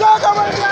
জয় জয়